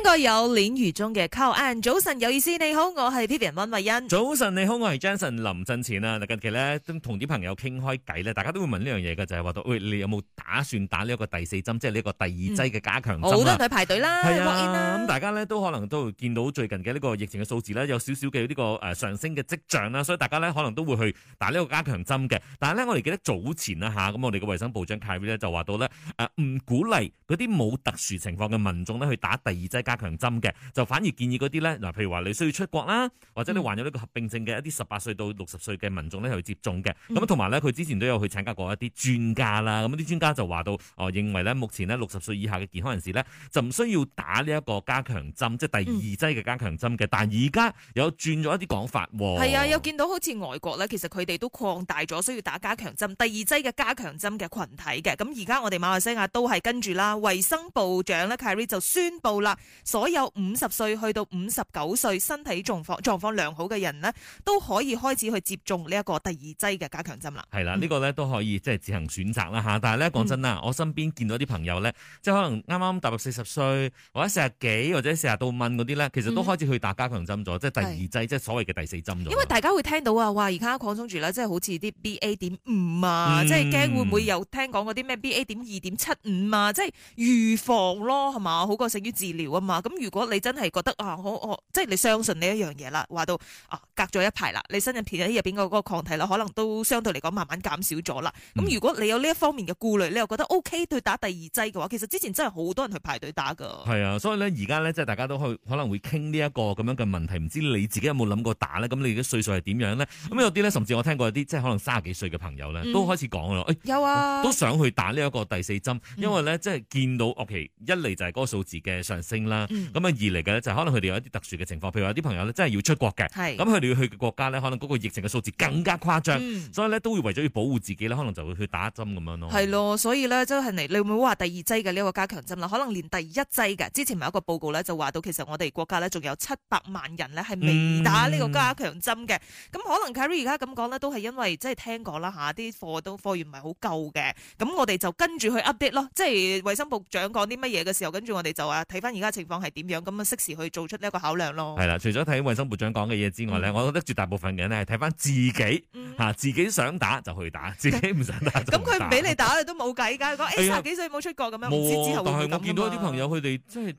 應該有臉如中嘅 call 早晨，有意思，你好，我係 Peter 溫慧欣。早晨你好，我係 Jensen 林振前啊！近期咧都同啲朋友傾開偈咧，大家都會問呢樣嘢嘅，就係話到，喂，你有冇打算打呢一個第四針，即係呢一個第二劑嘅加強針啊？好多人去排隊啦，係啊！咁、嗯、大家咧都可能都會見到最近嘅呢個疫情嘅數字咧，有少少嘅呢個誒上升嘅跡象啦，所以大家咧可能都會去打呢個加強針嘅。但係咧，我哋記得早前啊吓，咁我哋嘅衛生部長 Carrie 就話到咧，誒、呃、唔鼓勵嗰啲冇特殊情況嘅民眾咧去打第二劑加強針嘅就反而建議嗰啲咧嗱，譬如話你需要出國啦，或者你患有呢個合併症嘅一啲十八歲到六十歲嘅民眾咧去接種嘅。咁同埋咧，佢之前都有去請教過一啲專家啦。咁啲專家就話到，哦、呃、認為咧，目前咧六十歲以下嘅健康人士咧就唔需要打呢一個加強針，即係第二劑嘅加強針嘅、嗯。但而家有轉咗一啲講法喎。係啊，有見到好似外國咧，其實佢哋都擴大咗需要打加強針、第二劑嘅加強針嘅群體嘅。咁而家我哋馬來西亞都係跟住啦，衞生部長咧 Kerry 就宣布啦。所有五十歲去到五十九歲，身體狀況狀況良好嘅人呢，都可以開始去接種呢一個第二劑嘅加強針啦。係、嗯、啦，呢、呢個呢都可以即係自行選擇啦。但係呢，講真啦、嗯，我身邊見到啲朋友呢，即係可能啱啱踏入四十歲或者四十幾或者四十到蚊嗰啲呢，其實都開始去打加強針咗、嗯，即係第二劑，是即係所謂嘅第四針咗。因為大家會聽到啊，哇！而家擴充住呢，即係好似啲 B A 點五啊，即係驚會唔會有聽講嗰啲咩 B A 點二點七五啊，即、就、係、是、預防咯係嘛，好過勝於治療啊。咁如果你真係覺得啊，好，好，好即係你相信呢一樣嘢啦，話到啊，隔咗一排啦，你身入入邊嗰個抗體啦，可能都相對嚟講慢慢減少咗啦。咁、嗯、如果你有呢一方面嘅顧慮，你又覺得 O K，去打第二劑嘅話，其實之前真係好多人去排隊打㗎。係啊，所以呢而家呢，即係大家都可，可能會傾呢一個咁樣嘅問題，唔知你自己有冇諗過打呢？咁你嘅歲數係點樣呢？咁有啲呢，甚至我聽過有啲即係可能三十幾歲嘅朋友呢，都開始講啦、哎，有啊，都想去打呢一個第四針，因為呢、嗯、即係見到 okay, 一嚟就係嗰個數字嘅上升啦。咁啊二嚟嘅咧就可能佢哋有一啲特殊嘅情況，譬如話啲朋友咧真係要出國嘅，咁佢哋要去嘅國家呢，可能嗰個疫情嘅數字更加誇張，嗯、所以咧都會為咗要保護自己咧，可能就會去打針咁樣咯。係咯，所以咧即係你會唔會話第二劑嘅呢個加強針啦，可能連第一劑嘅之前咪有一個報告呢，就話到，其實我哋國家呢仲有七百萬人呢係未打呢個加強針嘅。咁、嗯嗯、可能 Kerry 而家咁講呢，都係因為即係、就是、聽過啦嚇，啲貨都貨源唔係好夠嘅。咁我哋就跟住去 update 咯，即係衞生部長講啲乜嘢嘅時候，跟住我哋就話睇翻而家情況。況係點樣咁啊？適時去做出呢一個考量咯。係啦，除咗睇衛生部長講嘅嘢之外咧，我覺得絕大部分嘅人咧係睇翻自己吓、嗯啊，自己想打就去打，自己唔想打咁佢唔俾你打你都冇計噶。講誒，廿幾歲冇出過國咁樣，唔、哎、知道之後會，會點。但係我見到一啲朋友，佢、嗯、哋真係。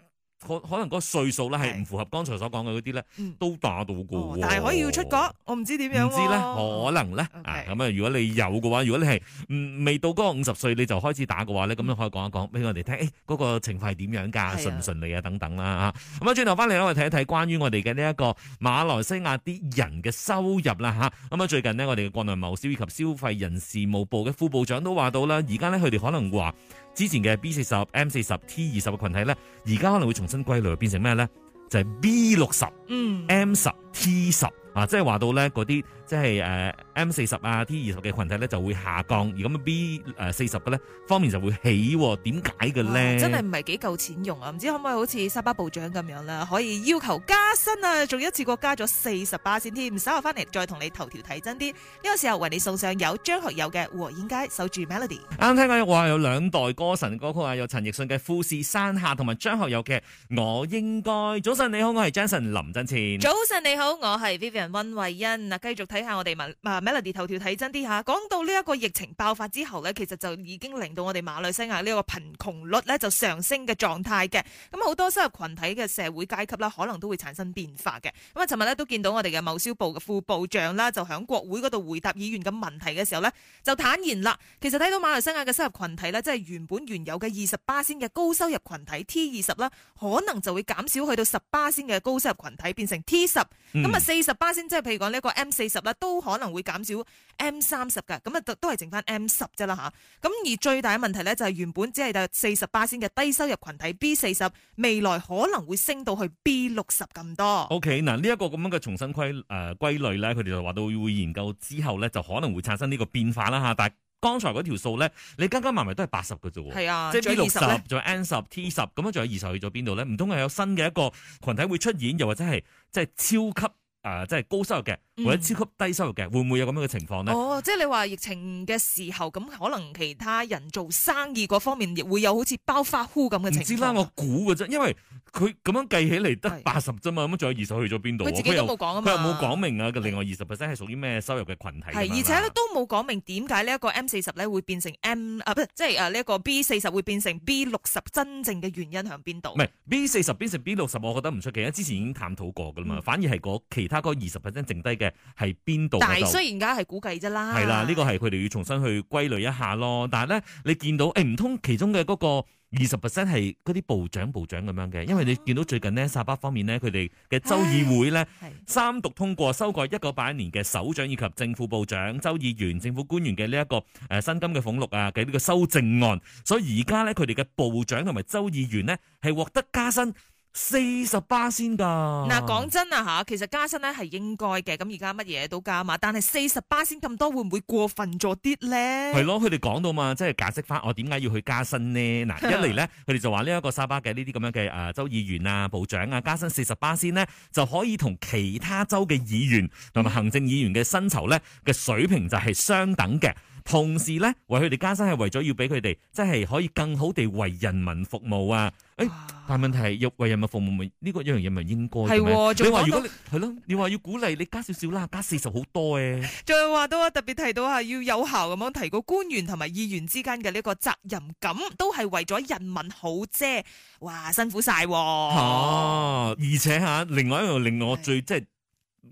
可可能個個歲數咧係唔符合剛才所講嘅嗰啲咧，都打到過、啊、但係可以要出國，我唔知點樣、啊。唔知咧，可能咧。咁啊，如果你有嘅話，如果你係唔未到嗰個五十歲你就開始打嘅話咧，咁、嗯、樣可以講一講俾我哋聽。誒、哎，嗰、那個情況係點樣㗎？順唔順利啊，啊？等等啦。咁啊，轉頭翻嚟咧，我哋睇一睇關於我哋嘅呢一個馬來西亞啲人嘅收入啦。咁啊、嗯，最近呢，我哋嘅國內貿銷以及消費人事務部嘅副部長都話到啦，而家咧佢哋可能話。之前嘅 B 四十、M 四十、T 二十嘅群體咧，而家可能會重新歸類變成咩咧？就係 B 六十、嗯、M 十、T 十啊，即係話到咧嗰啲即係誒。呃 M 四十啊，T 二十嘅群體咧就會下降，而咁 B 誒四十嘅咧方面就會起，點解嘅咧？真係唔係幾夠錢用啊！唔知可唔可以好似沙巴部長咁樣啦，可以要求加薪啊！仲一次過加咗四十八先添，稍後翻嚟再同你頭條睇真啲。呢個時候為你送上有張學友嘅《和燕街》，守住 Melody 啱聽嘅話有兩代歌神歌曲啊，有陳奕迅嘅《富士山下》同埋張學友嘅《我應該》。早晨你好，我係 Jason 林振前。早晨你好，我係 Vivian 溫慧欣。嗱，繼續睇下我哋文啊！Melody 頭條睇真啲吓，講到呢一個疫情爆發之後呢，其實就已經令到我哋馬來西亞呢個貧窮率呢就上升嘅狀態嘅。咁好多收入群體嘅社會階級啦，可能都會產生變化嘅。咁啊，尋日呢都見到我哋嘅貿消部嘅副部長啦，就響國會嗰度回答議員嘅問題嘅時候呢，就坦言啦。其實睇到馬來西亞嘅收入群體呢，即係原本原有嘅二十巴仙嘅高收入群體 T 二十啦，可能就會減少去到十巴仙嘅高收入群體，變成 T 十。咁、嗯、啊，四十巴仙即係譬如講呢個 M 四十啦，都可能會減少減少 M 三十㗎，咁啊都係係剩翻 M 十啫啦吓。咁而最大嘅問題咧，就係原本只係四十八先嘅低收入群體 B 四十，B40，未來可能會升到去 B 六十咁多。O K，嗱呢一個咁樣嘅重新規誒、呃、歸類咧，佢哋就話到會研究之後咧，就可能會產生呢個變化啦吓。但係剛才嗰條數咧，你加加埋埋都係八十㗎啫，係啊，即係 B 六十，仲有 N 十、T 十，咁樣仲有二十去咗邊度咧？唔通係有新嘅一個群體會出現，又或者係即係超級？誒、呃，即係高收入嘅，或者超級低收入嘅、嗯，會唔會有咁樣嘅情況呢？哦，即係你話疫情嘅時候，咁可能其他人做生意嗰方面亦會有好似暴發戶咁嘅情況。唔知啦，我估嘅啫，因為佢咁樣計起嚟得八十啫嘛，咁仲有二十去咗邊度？佢自己都冇講啊嘛，佢又冇講明啊，另外二十 percent 係屬於咩收入嘅群體？而且都冇講明點解呢一個 M 四十咧會變成 M 啊，即係誒呢一個 B 四十會變成 B 六十真正嘅原因喺邊度？唔係 B 四十變成 B 六十，我覺得唔出奇，之前已經探討過噶啦嘛、嗯，反而係其。其他嗰二十 percent 剩低嘅係邊度？但係雖然而家係估計啫啦，係啦，呢、這個係佢哋要重新去歸類一下咯。但係咧，你見到誒唔通其中嘅嗰個二十 percent 係嗰啲部長、部長咁樣嘅？因為你見到最近呢，沙巴方面呢，佢哋嘅州議會咧，三讀通過修改一九八一年嘅首長以及政府部長、州議員、州議員政府官員嘅呢一個誒薪、呃、金嘅俸祿啊嘅呢、這個修正案，所以而家咧佢哋嘅部長同埋州議員呢，係獲得加薪。四十八先噶，嗱，講真啊吓，其實加薪咧，係應該嘅，咁而家乜嘢都加嘛，但係四十八先咁多，會唔會過分咗啲咧？係咯，佢哋講到嘛，即係解釋翻我點解要去加薪呢。嗱， 一嚟咧，佢哋就話呢一個沙巴嘅呢啲咁樣嘅誒、呃、州議員啊、部長啊，加薪四十八先呢，就可以同其他州嘅議員同埋行政議員嘅薪酬咧嘅水平就係相等嘅。同時咧，為佢哋加薪係為咗要俾佢哋，即係可以更好地為人民服務啊！誒，但係問題係，要為人民服務咪呢個一樣嘢唔係應該嘅咩？你話如果係咯，你話要鼓勵你加少少啦，加四十好多誒！仲有話到啊，特別提到啊，要有效咁樣提高官員同埋議員之間嘅呢個責任感，都係為咗人民好啫！哇，辛苦晒哦！而且吓，另外一個令我最即係。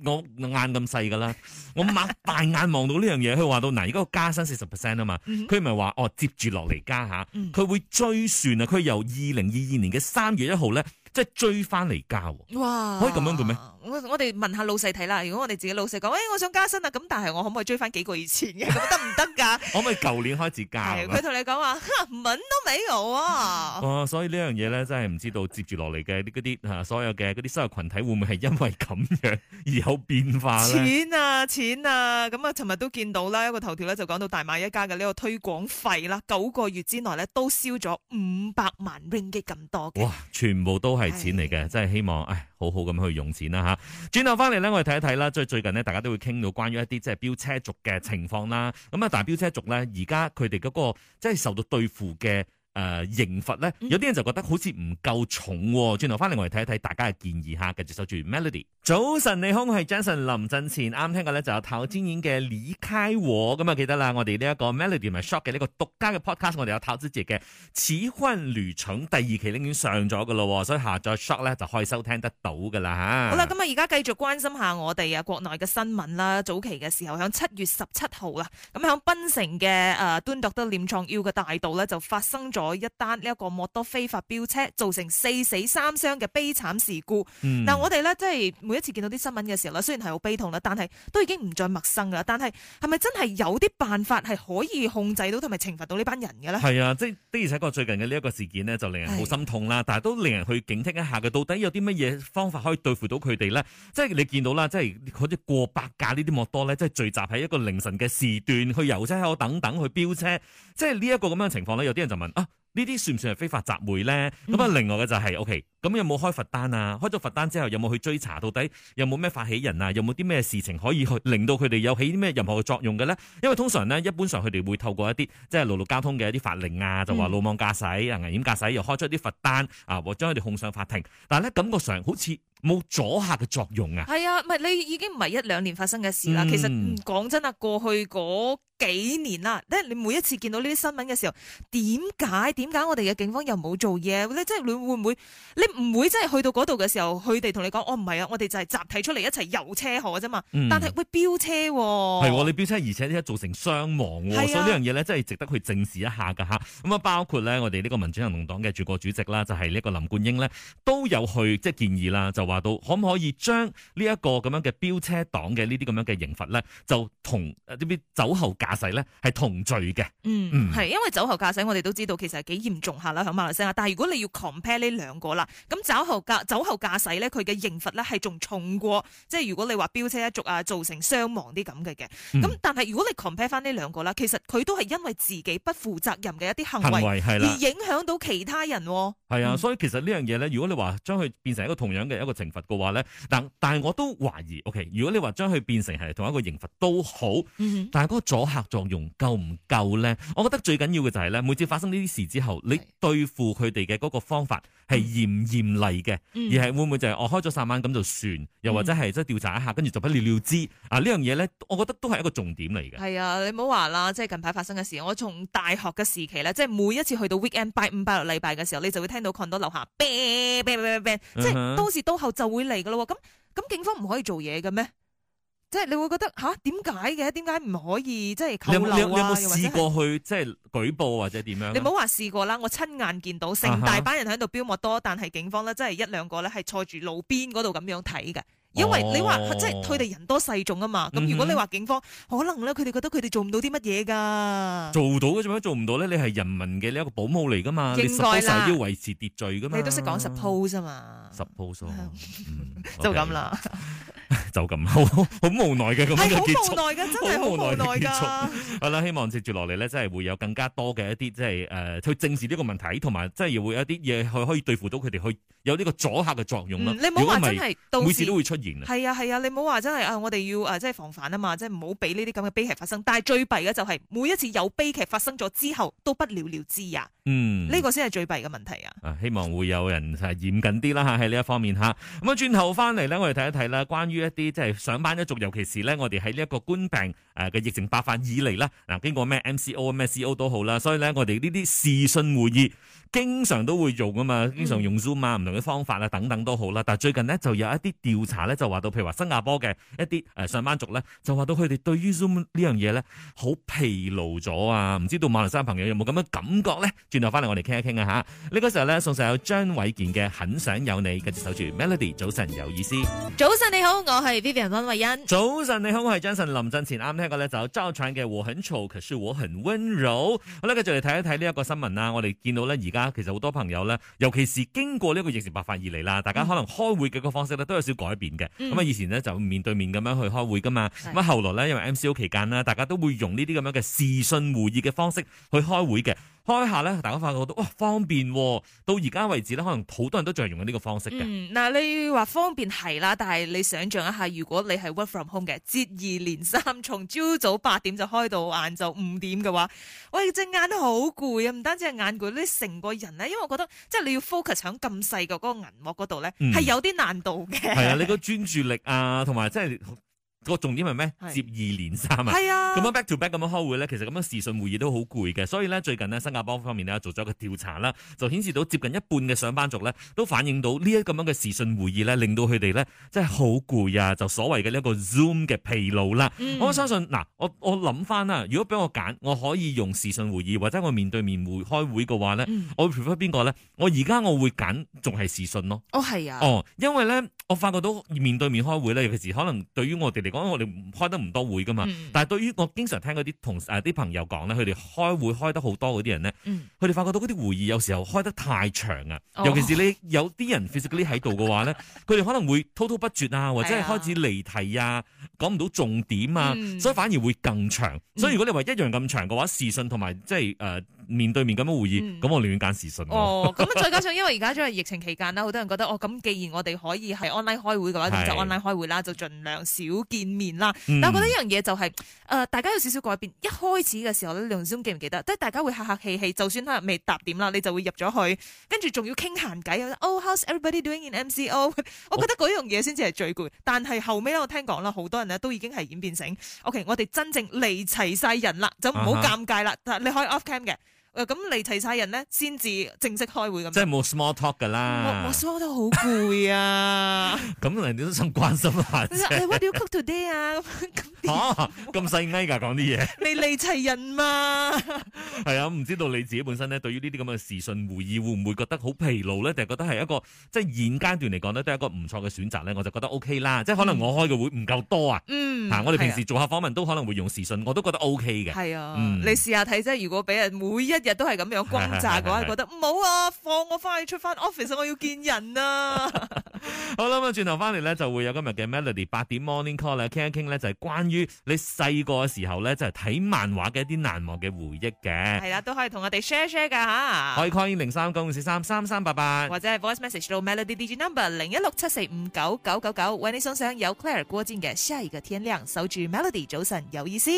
我眼咁細噶啦，我擘大眼望到呢樣嘢，佢話到嗱，而家我加薪四十 percent 啊嘛，佢唔係話哦，接住落嚟加吓。」佢會追算啊，佢由二零二二年嘅三月一號咧。即係追翻嚟加哇！可以咁樣做咩？我我哋問下老細睇啦。如果我哋自己老細講，誒，我想加薪啊，咁但係我可唔可以追翻幾個月前嘅？咁得唔得噶？可唔可以舊年開始加？佢同你講話，吓，問都未有啊。哦，所以呢樣嘢咧，真係唔知道接住落嚟嘅呢嗰啲吓，所有嘅嗰啲收入群體會唔會係因為咁樣而有變化咧？錢啊錢啊！咁啊，尋日都見到啦，一個頭條咧就講到大馬一家嘅呢個推廣費啦，九個月之內咧都燒咗五百萬 ringgit 咁多嘅。哇！全部都。都係錢嚟嘅，真係希望，唉，好好咁去用錢啦吓。轉頭翻嚟咧，我哋睇一睇啦。即係最近咧，大家都會傾到關於一啲即係飆車族嘅情況啦。咁啊，但係飆車族咧，而家佢哋嗰個即係受到對付嘅。誒、呃，刑罰咧，有啲人就覺得好似唔夠重，哦。轉頭翻嚟，我哋睇一睇大家嘅建議吓。繼續守住 Melody。早晨，你好，我係 Jason 林振前。啱聽過咧就有陶尖演嘅李開和。咁啊，記得啦，我哋呢一個 Melody 埋 Shock 嘅呢、呢個獨家嘅 Podcast，我哋有陶之接嘅《此君愚蠢》第二期已經上咗噶喎。所以下載 Shock 咧就可以收聽得到噶啦吓。好啦，咁啊，而家繼續關心下我哋啊國內嘅新聞啦。早期嘅時候響七月十七號啦，咁響檳城嘅誒、呃、敦獨德廉創 U 嘅大道咧就發生咗。咗一單呢一個摩多非法飆車造成四死三傷嘅悲慘事故，但、嗯、我哋咧即係每一次見到啲新聞嘅時候咧，雖然係好悲痛啦，但係都已經唔再陌生噶啦。但係係咪真係有啲辦法係可以控制到同埋懲罰到呢班人嘅咧？係啊，即係的而且確最近嘅呢一個事件呢，就令人好心痛啦。但係都令人去警惕一下嘅，到底有啲乜嘢方法可以對付到佢哋呢？即係你見到啦，即係好似過百架呢啲摩多咧，即係聚集喺一個凌晨嘅時段去遊車河等等去飆車，即係呢一個咁樣嘅情況呢，有啲人就問啊。呢啲算唔算係非法集會咧？咁、嗯、啊，另外嘅就係 O K，咁有冇開罰單啊？開咗罰單之後，有冇去追查到底有冇咩發起人啊？有冇啲咩事情可以去令到佢哋有起啲咩任何嘅作用嘅咧？因為通常咧，一般上佢哋會透過一啲即係陸路交通嘅一啲法令啊，就話路網駕駛啊，危險駕駛又開出一啲罰單啊，或將佢哋控上法庭。但係咧感覺上好似冇阻嚇嘅作用啊。係、嗯、啊，唔係你已經唔係一兩年發生嘅事啦。其實講真啦，過去嗰。幾年啦，即係你每一次見到呢啲新聞嘅時候，點解點解我哋嘅警方又冇做嘢？即係你會唔會？你唔會真係去到嗰度嘅時候，佢哋同你講，我唔係啊，我哋就係集體出嚟，一齊游車河啫嘛。但係會飆車，係你飆車，而且咧，造成傷亡，哦啊，所以呢樣嘢咧，真係值得去正視一下噶吓。咁啊，包括咧，我哋呢個民主行動黨嘅全國主席啦，就係呢個林冠英咧，都有去即係建議啦，就話到可唔可以將呢一個咁樣嘅飆車黨嘅呢啲咁樣嘅刑罰咧，就同啲酒後駕駛咧，係同罪嘅，嗯，係、嗯、因為酒後駕駛我哋都知道其實係幾嚴重下啦，響馬來西亞。但係如果你要 compare 呢兩個啦，咁酒後駕酒後駕駛咧，佢嘅刑罰咧係仲重過，即係如果你話飆車一族啊，造成傷亡啲咁嘅嘅。咁、嗯、但係如果你 compare 翻呢兩個啦，其實佢都係因為自己不負責任嘅一啲行為，係啦，而影響到其他人。係啊、嗯，所以其實呢樣嘢咧，如果你話將佢變成一個同樣嘅一個刑罰嘅話咧，但但係我都懷疑，OK，如果你話將佢變成係同一個刑罰都好，嗯、但係嗰個阻作用夠唔夠咧？我覺得最緊要嘅就係咧，每次發生呢啲事之後，你對付佢哋嘅嗰個方法係嚴唔嚴厲嘅、嗯，而係會唔會就係我開咗三晚咁就算，又或者係即係調查一下，跟住就不了了之啊，樣呢樣嘢咧，我覺得都係一個重點嚟嘅。係啊，你唔好話啦，即係近排發生嘅事，我從大學嘅時期咧，即係每一次去到 weekend 拜五拜六禮拜嘅時候，你就會聽到 condo 樓下 bang bang bang bang、uh -huh. 即係到時到後就會嚟㗎咯。咁咁，警方唔可以做嘢嘅咩？即係你會覺得吓點解嘅？點解唔可以即係扣留啊？你有冇試過去即係舉報或者點樣？你冇話試過啦，我親眼見到成大班人喺度標默多，uh -huh. 但係警方咧，真係一兩個咧係坐住路邊嗰度咁樣睇嘅。因為你話、oh. 即係佢哋人多勢眾啊嘛。咁如果你話警方，mm -hmm. 可能咧佢哋覺得佢哋做唔到啲乜嘢噶。做到嘅做咩做唔到咧？你係人民嘅你一個保姆嚟噶嘛？應該啦。你要維持秩序噶嘛？你都識講 suppose 嘛啊嘛？Suppose so. 就咁啦樣。 就咁好好無奈嘅，咁係好無奈嘅，真係好無奈嘅結束。係啦， 希望接住落嚟咧，真係會有更加多嘅一啲，即係誒去正視呢個問題，同埋即係會有一啲嘢去可以對付到佢哋，去有呢個阻嚇嘅作用啦、嗯。你唔好話真係，每次都會出現。係啊係啊，你唔好話真係啊，我哋要啊，即係防範啊嘛，即係唔好俾呢啲咁嘅悲劇發生。但係最弊嘅就係、是、每一次有悲劇發生咗之後，都不了了之啊。嗯，呢、這個先係最弊嘅問題啊，啊。希望會有人係嚴謹啲啦吓，喺呢一方面吓。咁啊，轉頭翻嚟咧，我哋睇一睇啦，關於一。啲即係上班一族，尤其是咧，我哋喺呢一個冠病誒嘅疫情爆發以嚟咧，嗱經過咩 MCO 啊，咩 CO 都好啦，所以咧，我哋呢啲視訊會議。經常都會用噶嘛，經常用 Zoom 啊，唔同嘅方法啊，等等都好啦。但係最近呢，就有一啲調查咧就話到，譬如話新加坡嘅一啲誒上班族咧就話到佢哋對於 Zoom 呢樣嘢咧好疲勞咗啊！唔知道馬來西亞朋友有冇咁嘅感覺咧？轉頭翻嚟我哋傾一傾啊吓！呢個時候咧，送上有張偉健嘅《很想有你》，跟住守住 Melody，早晨有意思。早晨你好，我係 Vivian 溫慧欣。早晨你好，我係張晨林振前啱聽過咧，就周搶嘅《我很吵，可是我很温柔》好。好啦，繼續嚟睇一睇呢一個新聞啦，我哋見到咧而家。其實好多朋友呢，尤其是經過呢個疫情爆發而嚟啦，大家可能開會嘅個方式呢都有少改變嘅。咁啊，以前呢，就面對面咁樣去開會噶嘛，咁後後來呢，因為 MCO 期間呢，大家都會用呢啲咁樣嘅視訊會議嘅方式去開會嘅。開下咧，大家發覺到哇、哦、方便，哦，到而家為止咧，可能好多人都仲係用緊呢個方式嘅。嗱、嗯，你話方便係啦，但係你想象一下，如果你係 work from home 嘅，接二連三從朝早八點就開到晏晝五點嘅話，喂，隻眼都好攰啊！唔單止係眼攰，你成個人咧，因為我覺得即係你要 focus 喺咁細個嗰個銀幕嗰度咧，係、嗯、有啲難度嘅。係啊，你個專注力啊，同埋即係。個重點係咩？接二連三啊！係啊，咁樣 back to back 咁樣開會咧，其實咁樣的視訊會議都好攰嘅。所以咧，最近呢，新加坡方面咧做咗一個調查啦，就顯示到接近一半嘅上班族咧都反映到呢一個咁樣嘅視訊會議咧，令到佢哋咧真係好攰啊！就所謂嘅呢一個 Zoom 嘅疲勞啦、嗯。我相信嗱，我我諗翻啦，如果俾我揀，我可以用視訊會議或者我面對面會開會嘅話咧、嗯，我 prefer 邊個咧？我而家我會揀仲係視訊咯。哦，係啊。哦，因為咧，我發覺到面對面開會咧，尤其是可能對於我哋嚟講。咁我哋開得唔多會噶嘛，嗯、但係對於我經常聽嗰啲同事誒啲朋友講咧，佢哋開會開得好多嗰啲人咧，佢、嗯、哋發覺到嗰啲會議有時候開得太長啊、哦，尤其是你有啲人 physically 喺度嘅話咧，佢 哋可能會滔滔不絕啊，或者係開始離題啊，講唔到重點啊、嗯，所以反而會更長。嗯、所以如果你話一樣咁長嘅話，視訊同埋即係誒。呃面對面咁會議，咁、嗯、我亂揀時信。哦，咁啊，再加上因為而家真係疫情期間啦，好多人覺得哦，咁既然我哋可以係 online 開會嘅話，就 online 開會啦，就盡量少見面啦、嗯。但我覺得一樣嘢就係、是呃，大家有少少改變。一開始嘅時候咧，你記唔記得？即係大家會客客氣氣，就算係未答點啦，你就會入咗去，跟住仲要傾閒偈。Oh、哦哦、how's everybody doing in MCO？ 我覺得嗰樣嘢先至係最攰。但係後尾我聽講啦，好多人呢都已經係演變成 OK，我哋真正嚟齊晒人啦，就唔好尷尬啦。Uh -huh. 但係你可以 off cam 嘅。咁嚟齊晒人咧，先至正式開會咁。即係冇 small talk 噶啦。我 small 得好攰啊！咁人哋都想關心下、啊、啫。What do you cook today 啊？咁 細埃噶講啲嘢。 你嚟齊人嘛？係 啊，唔知道你自己本身咧，對於呢啲咁嘅視訊會議，會唔會覺得好疲勞咧？定係覺得係一個即係現階段嚟講咧，都係一個唔錯嘅選擇咧？我就覺得 OK 啦。即係可能我開嘅會唔夠多啊。嗯。嗱！我哋平時做下訪問、啊、都可能會用視訊，我都覺得 OK 嘅。係啊。嗯、你試下睇即係，如果俾人每一日都係咁樣轟炸嘅話，覺得唔好啊！放我翻去出翻 office，我要見人啊！ 好啦，咁啊，轉頭翻嚟咧，就會有今日嘅 Melody 八點 Morning Call 咧，傾一傾咧就係關於你細個嘅時候咧，就係睇漫畫嘅一啲難忘嘅回憶嘅。係啦，都可以同我哋 share share 噶吓。可以 call 零三九五四三三三八八，或者係 Voice Message 到 Melody DJ Number 零一六七四五九九九九，為你送上有 Claire 郭靜嘅下一個天亮，守住 Melody 早晨有意思。